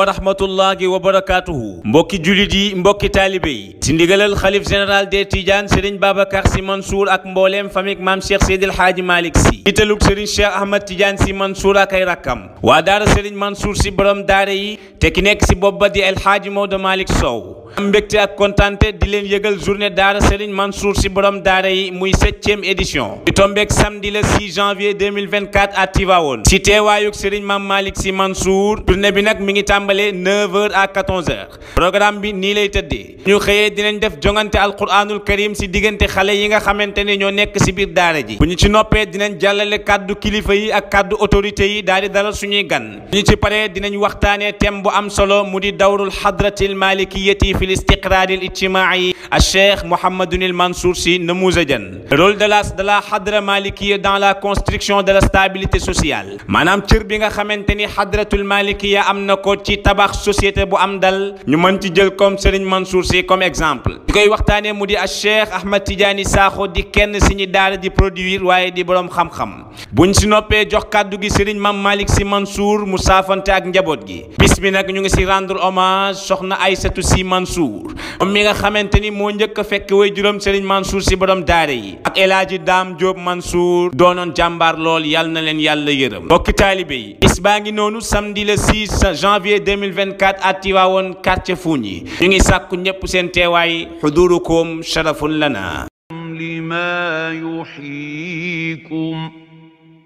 wa rahmatullahi wa barakaatuhu mbokki jullit yi mbokki taalibe yi ci ndigalal xalif général des Tidianes sëriñ Babacar Sy Mansour ak mbooleem famik maam Cheikh Seydil Haaji Malick Sy jiitalug sëriñ Cheikh Ahmad Tidiane Sy Mansour ak rakkam waa daara sëriñ Mansour Sy borom daara yi te ki nekk ci bopp ba di El Haaji Maodo Malick Sow am mbégte ak kontante di leen yëgal journée daara sëriñ Mansour Sy borom daara yi muy septième édition bi tombeek samedi le 6 janvier 2024 à Tivaouane ci tàmbalee 9h à 14h programme bi nii lay tëddee ñu xëyee dinañ def jongante alquranul karim si diggante xale yi nga xamante ne ñoo nekk si biir daara ji bu ñu ci noppee dinañ jàllale kàddu kilifa yi ak kàddu autorité yi daal di suñuy gan ñu ci paree dinañ waxtaanee thème bu am solo mu dawrul xadratil malikiyati fi l istiqraaril ijtimaai al cheikh Mouhamadounil Mansour Sy namuuzajan rôle de la de la xadra malikiya dans la construction de la stabilité sociale maanaam cër bi nga xamante ni xadratul malikiya am ko ci ñuy tabax société bu am dal ñu mën ci jël comme Serigne Mansour Sy comme exemple di koy waxtaanee mu di a Cheikh Ahmad Tidiane Sakho di kenn si ñi daara di produire waaye di boroom xam-xam ñu si noppee jox kàddu gi Serigne Mame Malick Sy Mansour mu saafante ak njaboot gi bis bi nag ñu ngi si rendre hommage soxna ay Aïssatou Sy Mansour moom mi nga xamante ni moo njëkk a fekk way juróom Serigne Mansour Sy boroom daara yi ak El Hadji Dame Diop Mansour doonoon jàmbaar lool yal na leen yàlla yërëm 2024 à Tivaouane quartier Fougni ñu ngi sàkku ñëpp seen teewaay xudurukum sharafun lana lima yuhyikum